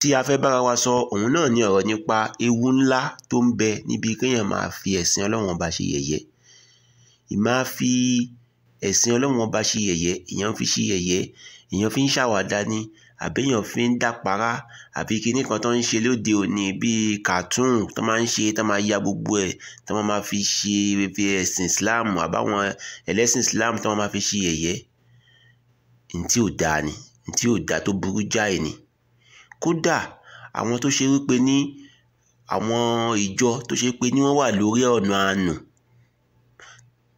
tí a fẹ́ bára wa sọ òun náà ni ọ̀rọ̀ nípa ewu ńlá tó ń bẹ níbi kéèyàn máa fi ẹ̀sìn Ọlọ́run ọba ṣe yẹ̀yẹ́ ìmáa fi ẹ̀sìn Ọlọ́run ọba ṣe yẹ̀yẹ́ èèyàn fi ṣe yẹ̀yẹ́ èèyàn fi ń ṣàwàdà ni àbí èèyàn fi ń dápárá àbí kinní kan tó ń ṣe lóde òní bíi cartoon tó máa ń ṣe tó máa ya gbogbo ẹ̀ tó máa fi ṣe fi ẹ̀sìn Islam àbáwọn ẹlẹ́sìn Islam tó máa fi ṣe yẹ̀yẹ́ ntí ò dáa ni ntí ò dáa tó burú jáì ni kódà àwọn tó ṣe wípé ní àwọn ìjọ tó ṣe pé ní wọ́n wà lórí ọ̀nà àánú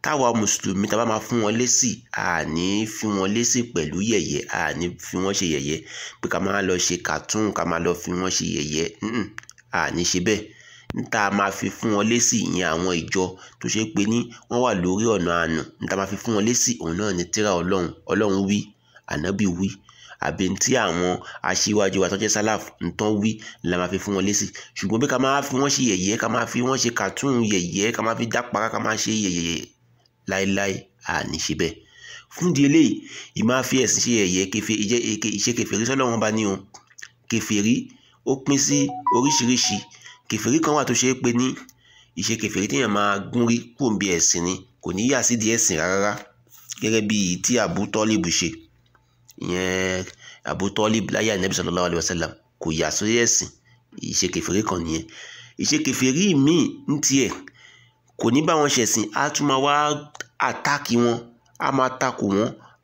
táwa mùsùlùmí tá a bá máa fún wọn lésì àní fi wọn lésì pẹ̀lú yẹ̀yẹ́ àní fi wọ́n ṣe yẹ̀yẹ́ pé ká máa lọ ṣe cartoon ká máa lọ fi wọ́n ṣe yẹ̀yẹ́ àní ṣe bẹ́ẹ̀ níta máa fi fún wọn lésì ìyẹn àwọn ìjọ tó ṣe pé ní wọ́n wà lórí ọ̀nà àánú níta máa fi fún wọn lésì òun náà ni tírà ọlọ́run ọlọ́run wí ànábì wí àbí tí àwọn aṣíwájú wa tó jẹ́ sálàf ń tán wí la máa fi fún wọn lésì ṣùgbọ́n bí ká máa fi wọ́n ṣe yẹ̀yẹ́ ká máa fi wọ́n ṣe cartoon yẹ̀yẹ́ ká máa fi dápara ká máa ṣe yẹ̀yẹ́ láéláé àní ṣe bẹ́ẹ̀ fún di eléyìí ìmáa fi ẹ̀sìn ṣe yẹ̀yẹ́ kẹfẹ́ ìjẹ́ iṣẹ́ kèfèrí sọ́lọ́run bá ní o kèfèrí ó pín sí oríṣiríṣi kèfèrí kan wà tó ṣe é pé ní ìṣe kèfèrí téèyàn máa gún rí kúòǹbí ẹ̀sìn ni kò ní yà sídìí ẹ̀sìn rárá gẹ́gẹ́ bíi tí Àbú Tọ́líbù ṣe ìyẹn Abu Talib láyé ànábì sallallahu alaihi wasallam kò yà sórí ẹ̀sìn ìṣe kèfèrí kan nìyẹn ìṣe kèfèrí míì ń tiẹ̀ kò ní bá wọn ṣẹ̀sìn á tún máa wá àtáàkì wọn á máa takò wọn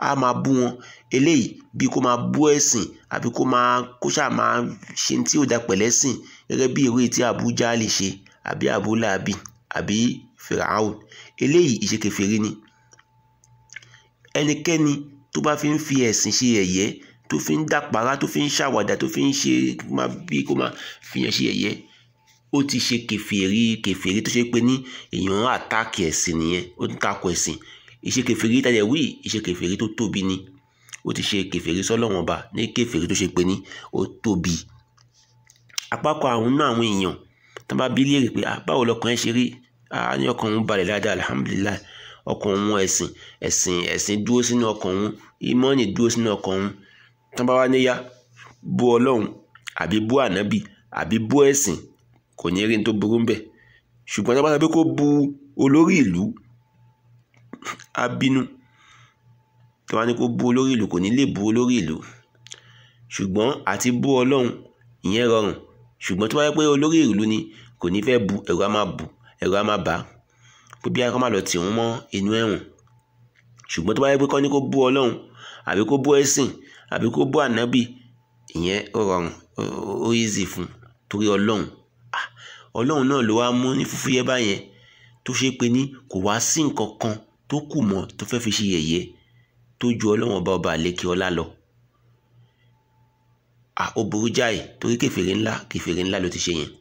á máa bú wọn eléyìí bí kò máa bú ẹ̀sìn àbí kò máa kó ṣáà máa ṣe tí ò da pẹ̀lẹ́sìn gẹ́gẹ́ bí ìwé tí Abu Jahli ṣe àbí Abu Lahabi àbí Fir'aun ni ẹnikẹ́ni tó bá fi ń fi ẹ̀sìn ṣe ẹ̀yẹ tó fi ń dàpárá tó fi ń ṣàwàdà tó fi ń ṣe má bí kó má fi yẹn ṣe ẹ̀yẹ ó ti ṣe kẹfìrí kẹfìrí tó ṣe pé ní èèyàn àtàkì ẹ̀sìn nìyẹn ó ń takò ẹ̀sìn ìṣe kẹfìrí tàdé wí ìṣe kẹfìrí tó tóbi ni ó ti ṣe kẹfìrí sọ́lọ́wọ́n ọba ní kẹfìrí tó ṣe pé ní ó tóbi àpapọ̀ àwọn náà àwọn èèyàn tó bá bí léèrè pé báwo lọkàn ẹ ṣe rí a ní ọkàn òun balẹ̀ dáadáa alhamdulilayi ọkàn òun ẹ̀sìn ẹ̀sìn ẹ̀sìn dúró sínú ọkàn òun ìmọ̀ọ́nì dúró sínú ọkàn òun tán bá wá níyà bú ọlọ́run àbí bú ànábì àbí bú ẹ̀sìn kò ní rí ní tó burú bẹ́ẹ̀ ṣùgbọ́n tán bá sọ pé kó bu olórí ìlú á bínú tó bá ní kó bú olórí ìlú kò ní lè bú olórí ìlú ṣùgbọ́n àti bú ọlọ́run ìyẹn rọrùn ṣùgbọ́n tó bá yẹ pé olórí ìlú ni kò ní fẹ́ bu ẹ̀rù á máa bu ẹ̀rù á máa bà pé bí akọ́ máa lọ tì wọ́n mọ́ inú ẹ̀wọ̀n ṣùgbọ́n tó bá yẹ pé kọ́ ni kó bú ọlọ́run àbí kó bú ẹ̀sìn àbí kó bú ànábì ìyẹn ó rọrùn ó easy fún torí ọlọ́run ah, ọlọ́run náà ló wá mú ní fúfúyẹ́ báyẹn tó ṣe pé ní kò wá sí nǹkan kan tó kù mọ́ tó fẹ́ fi ṣe yẹ̀yẹ́ tó ju ọlọ́run ọba ọba àlékè ọlá lọ ah, ó burú jáì torí kèfèrè ńlá kèfèrè ńlá ló ti ṣe yẹn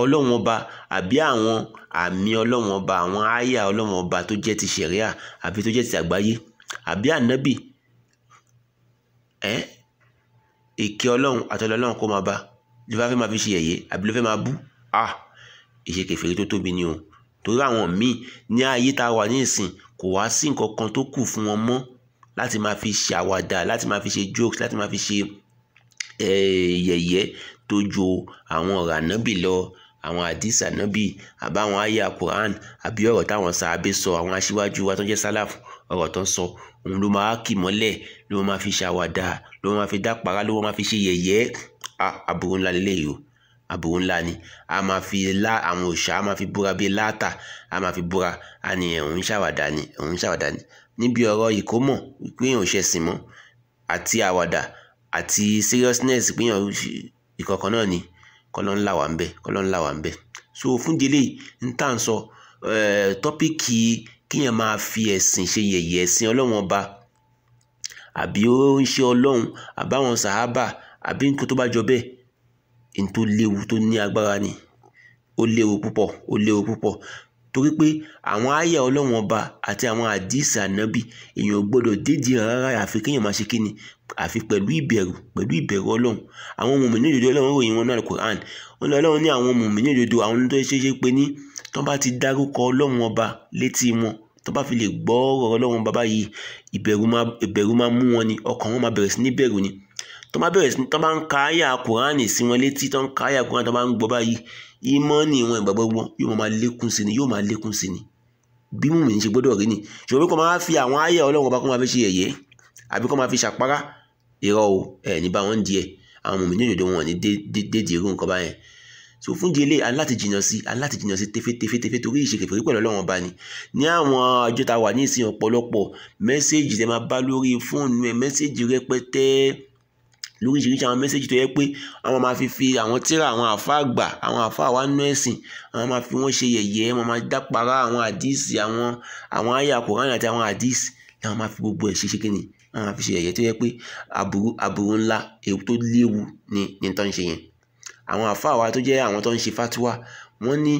ọlọ́run ọba àbí àwọn àmì ọlọ́run ọba àwọn àyà ọlọ́run ọba tó jẹ́ ti ṣẹ̀ríà àbí tó jẹ́ ti àgbáyé àbí ànábì ẹ́ èké ọlọ́run àtọ́lọ́ ọlọ́run kó máa bá ló bá fẹ́ máa fi ṣe yẹ̀yẹ́ àbí ló fẹ́ máa bú ìṣe kèfèrí tó tóbi ni o torí àwọn míì ní ayé tá a wà ní ìsìn kò wá sí nǹkan kan tó kù fún wọn mọ́ láti máa fi ṣe àwàdà láti máa fi ṣe jokes láti máa fi ṣe yẹ̀yẹ́ tó ju àwọn ọ̀rọ̀ lọ àwọn àdìsí ànábì àbáwọn àyà quran àbí ọ̀rọ̀ táwọn sàábé sọ àwọn aṣíwájú wa tó jẹ́ sálàfù ọ̀rọ̀ tó sọ òun ló máa kì mọ́lẹ̀ ló máa fi ṣàwàdà ló máa fi dápàrá ló máa fi ṣe yẹ̀yẹ́ àbúrò ńlá lélẹ́yìí o àbúrò ńlá ni a máa fi lá àwọn òòṣà a máa fi búra bíi láàtà a máa fi búra a ní ẹ̀hún ṣàwàdà ni ẹ̀hún ṣàwàdà ni níbi ọ̀rọ̀ ìkómọ̀ pínyàn ṣẹ̀sìn mọ́ àti seriousness pínyàn ìkọ̀kan ni kọ́lọ́ la wà ń bẹ̀ kọ́lọ́ ńlá wà so fún délé ń tà ń sọ eh, tọ́píkì kíyàn máa fi ẹ̀sìn ṣe yẹ̀yẹ̀ ẹ̀sìn ọlọ́run ọba àbí ó ń ṣe ọlọ́run àbáwọn sàhábà àbí nǹkan tó bá jọ bẹ́ẹ̀ n tó léwu tó ní agbára ni ó léwu púpọ̀ ó léwu púpọ̀ torí pé àwọn àyà ọlọ́run ọba àti àwọn àdìsí ànábì èèyàn ò gbọ́dọ̀ dídì rárá àfi kéèyàn máa ṣe kíni àfi pẹ̀lú ìbẹ̀rù pẹ̀lú ìbẹ̀rù ọlọ́run àwọn mùmínì òdodo ọlọ́run ròyìn wọn ní Al-Qur'an ó ní ọlọ́run ní àwọn mùmínì òdodo àwọn tó ṣe é ṣe pé ní tó bá ti dárúkọ ọlọ́run ọba létí wọn tó bá fi lè gbọ́ ọ̀rọ̀ ọlọ́run bàbá yìí ìbẹ̀rù máa mú wọn ni ọkàn wọn máa bẹ̀rẹ̀ sí ní bẹ̀rù ni tó bá bẹ̀rẹ̀ tó bá ń ka àyà kùránì sí wọn létí tó ń ka àyà kùránì tó bá ń gbọ́ báyìí ìmánì ni yóò máa máa fi ṣàpárá irọ́ o ẹ̀ ní bá wọn ń díẹ̀ àwọn mòmìnì òdòdó wọn ní dédìí irú nǹkan báyẹn so fún díẹ̀ lé aláti jìnnà sí aláti jìnnà sí tefetefetefẹ́ torí ìṣe kẹfẹ́ pẹ̀lú ọlọ́wọ́n bá ní ní àwọn àjọ tá a wà ní ìsìn ọ̀pọ̀lọpọ̀ mẹ́sẹ́ẹ̀jì tẹ máa bá lórí fóònù ẹ mẹ́sẹ́ẹ̀jì rẹpẹtẹ lóríṣiríṣi àwọn mẹ́sẹ́jì tó yẹ pé àwọn máa fi fi àwọn tíra àwọn àfa àgbà àwọn àfa àwa nú ẹ̀sìn àwọn máa fi wọ́n ṣe yẹ̀yẹ́ wọ́n máa dápara àwọn àdíìsì àwọn àwọn àyà kòránì àti àwọn àdíìsì làwọn máa fi gbogbo ẹ̀ ṣe ṣe kí ni wọn máa fi ṣe yẹ̀yẹ́ tó yẹ pé aburú aburú ńlá èyí tó léwu ni ní tó ń ṣe yẹn àwọn àfáà wa tó jẹ́ àwọn tó ń ṣe fatiwa wọ́n ní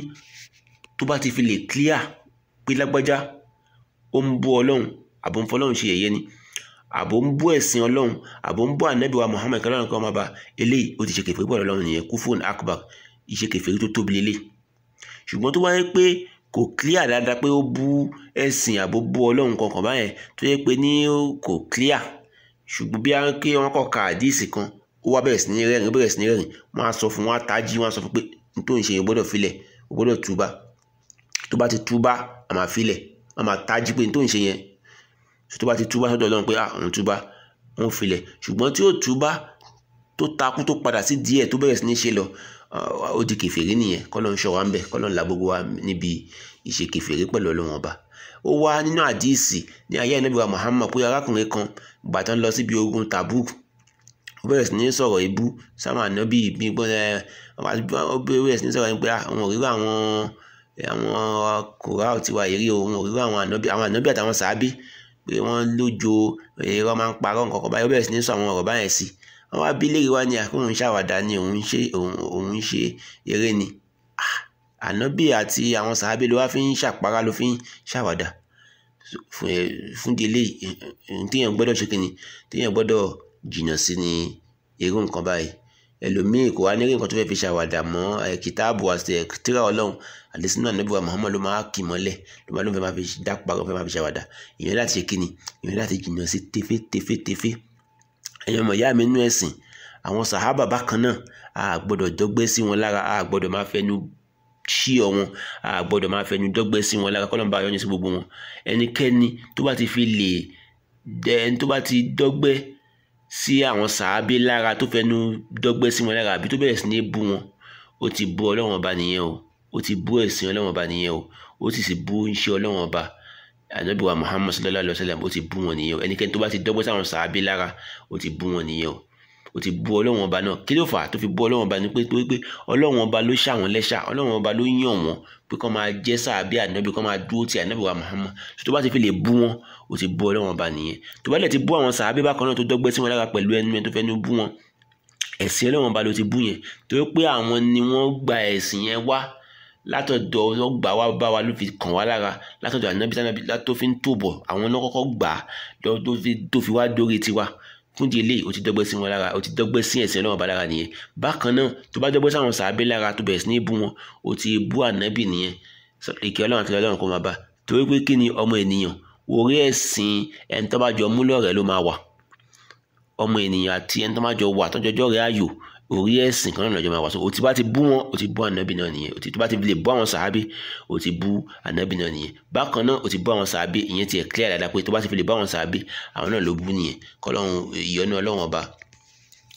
tó bá ti fi lè clear pé lágbájá ó ń bú ọlọ́run àbò ń fọlọ́run ṣe yẹ̀yẹ́ ni àbò ń bú ẹ̀sìn ọlọ́run àbò ń bú ànábì wa Muhammad kálọ́run kan eléyìí ó ti ṣe kẹfẹ́ pẹ̀lú ọlọ́run nìyẹn kúfún akbar ìṣe kẹfẹ́ tó tóbi lélẹ̀ ṣùgbọ́n tó wáyé pé kò clear dáadáa pé ó bú ẹ̀sìn àbó bú ọlọ́run kankan báyẹn tó yẹ pé ní kò clear ṣùgbọ́n bí ké wọ́n kọ ka àdíìsì kan ó wá bẹ̀rẹ̀ sí ní rẹ́rìn ó bẹ̀rẹ̀ sí ní rẹ́rìn á sọ fún wọn á á sọ fún pé yẹn gbọ́dọ̀ filẹ̀ gbọ́dọ̀ tó bá ti máa filẹ̀ máa pé ó di kèfèrí nìyẹn kọ́lọ́n ṣọ́ wa ń bẹ̀ kọ́lọ́n la gbogbo wa níbi ìṣe kèfèrí pẹ̀lú ọlọ́run ọba ó wá nínú àdíìsì ní ayé ànábì wa Muhammad pé arákùnrin kan gbàtàn lọ síbi ogun Tabuk ó bẹ̀rẹ̀ sí ní sọ̀rọ̀ ibú sáwọn ànábì gbígbọ́n ẹ ó bẹ̀rẹ̀ sí ní sọ̀rọ̀ pé àwọn òrírò àwọn àwọn kòrá ti wà eré ohun òrírò àwọn ànábì àwọn ànábì àtàwọn sàábì pé wọ́n lójo èrò máa ń parọ́ nǹkan kan báyìí ó bẹ̀rẹ̀ sí ní sọ àwọn ọ̀rọ̀ báyẹn sí i àwọn abiléèrè wa ni àkóhùn ṣàwàdà ni òun ṣe òun ṣe eré ni ah, ànábì àti àwọn sàábé ló wá fi ń ṣàpárá ló fi ń ṣàwàdà fún eh, délé téèyàn gbọ́dọ̀ ṣe kínní téèyàn gbọ́dọ̀ jìnnà sí ni irú nǹkan báyìí ẹlòmíì kò wá ní rí nǹkan tó fẹ́ fi ṣàwàdà mọ́ eh, kìtáàbù àti eh, tírà ọlọ́run àdésínú ànábìwá Muhammad ló máa kì mọ́lẹ̀ ló máa ló fẹ́ máa fi dápọ̀ ló fẹ́ máa fi ṣàwàdà ìyẹn láti ṣe kínní ìyẹn láti jìnnà sí tefé tefé tefé ẹ̀yin ọmọ ìyá mi nú ẹ̀sìn àwọn sàhábà bákan náà a gbọ́dọ̀ dọ́gbẹ́ sí wọn lára a gbọ́dọ̀ máa fẹnu ṣí ọ wọn a gbọ́dọ̀ máa fẹnu dọ́gbẹ́ sí wọn lára kọ́lọ́mùbá yọ́nú sí gbogbo wọn ẹnikẹ́ni tó bá ti fi lè ẹni tó bá ti dọ́gbẹ́ sí àwọn sàábé lára tó fẹnu dọ́gbẹ́ sí wọn lára àbí tó bẹ̀rẹ̀ sí ní bú wọn ó ti bú ọlọ́wọ́n ọba nìyẹn o ó ti bú ẹ̀sìn ọlọ́wọ́n ọba nìyẹn o ó sì sì bú iṣẹ́ ọlọ́wọ́n ọba ànábì wa muhammad sallallahu alayhi wa sallam ó ti bú wọn nìyẹn o ẹnikẹ́ni tó bá ti dọ́gbọ́n sáwọn sàábí lára ó ti bú wọn nìyẹn o ó ti bú ọlọ́wọ́n ọba náà kí ló fà á tó fi bú ọlọ́wọ́n ọba ni pé pé ọlọ́wọ́n ọba ló ṣà lẹ́ṣà ọlọ́wọ́n ọba ló yàn wọ́n pé kọ́ máa jẹ́ sàábí ànábì kọ́ máa dúró ti ànábì wa muhammad tó bá ti fi lè bú wọn ó ti bú ọlọ́wọ́n ọba nìyẹn tó bá lẹ̀ ti bú àwọn sàábí bákan náà tó dọ́gbẹ́ sí wọn lára pẹ̀lú ẹnu ẹ tó fẹ́ nu bú wọn ẹ̀sìn ọlọ́wọ́n ọba ló ti bú yẹn torí pé àwọn ni wọ́n gba ẹ̀sìn yẹn wá látọ̀dọ̀ wọ́n gbà wá bá wa ló fi kàn wá lára látọ̀dọ̀ ànábi sánábi látó fi ń tòbọ̀ àwọn náà kọ́kọ́ gbà á tó fi wá dórí tiwa fún di eléyìí o ti dọ́gbẹ́ sí wọn lára o ti dọ́gbẹ́ sí ẹ̀sìn ọlọ́run ọba lára nìyẹn bákan náà tó bá dọ́gbẹ́ sáwọn sàábé lára tó bẹ̀rẹ̀ sí ní bú wọn o ti bú ànábì nìyẹn ìkẹ́ ọlọ́run àti ọlọ́run kò máa bá torí pé kí ni ọmọ ènìyàn orí ẹ̀sìn ẹni tó bá jọ múlò rẹ̀ ló máa wà ọmọ ènìyàn àti ẹni tó bá jọ wà tọ́jọ́jọ́ rẹ̀ ayò orí ẹ̀sìn kan náà lọ́jọ́ máa wà so o ti bá ti bú wọn o ti bú ànábì náà nìyẹn o ti bá ti lè bú àwọn sàábì o ti bú ànábì náà nìyẹn bákan náà o ti bú àwọn sàábì ìyẹn ti ẹ̀ clear dáadáa pé tó bá ti fi lè bú àwọn sàábì àwọn náà ló bú nìyẹn kọlọ́run ìyọ́nú ọlọ́run ọba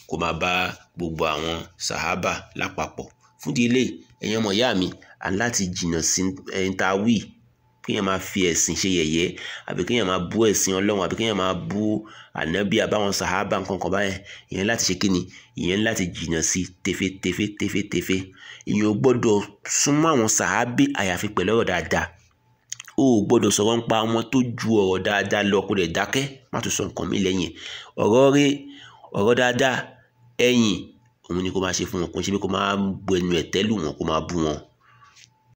kó máa bá gbogbo àwọn sàábà lápapọ̀ fún di eléyìí ẹ̀yin ọmọ ìyá mi aláti jìnnà sí ẹ̀ńtà kéèyàn máa fi ẹ̀sìn ṣe yẹ̀yẹ́ àbí kéèyàn máa bú ẹ̀sìn ọlọ́run àbí kéèyàn máa bú ànábì àbáwọn sàhábà nǹkankan báyẹn ìyẹn láti ṣe kíni ìyẹn láti jìnnà sí tefe tefe tefe tefe ìyẹn ò gbọ́dọ̀ súnmọ́ àwọn sàhábì àyàfi pẹ̀lú ọ̀rọ̀ dáadáa o ò gbọ́dọ̀ sọ̀rọ̀ nípa wọn tó ju ọ̀rọ̀ dáadáa lọ kó lè dákẹ́ má tún sọ nǹkan mi lẹ́yìn ọ̀rọ̀ rẹ ọ̀rọ̀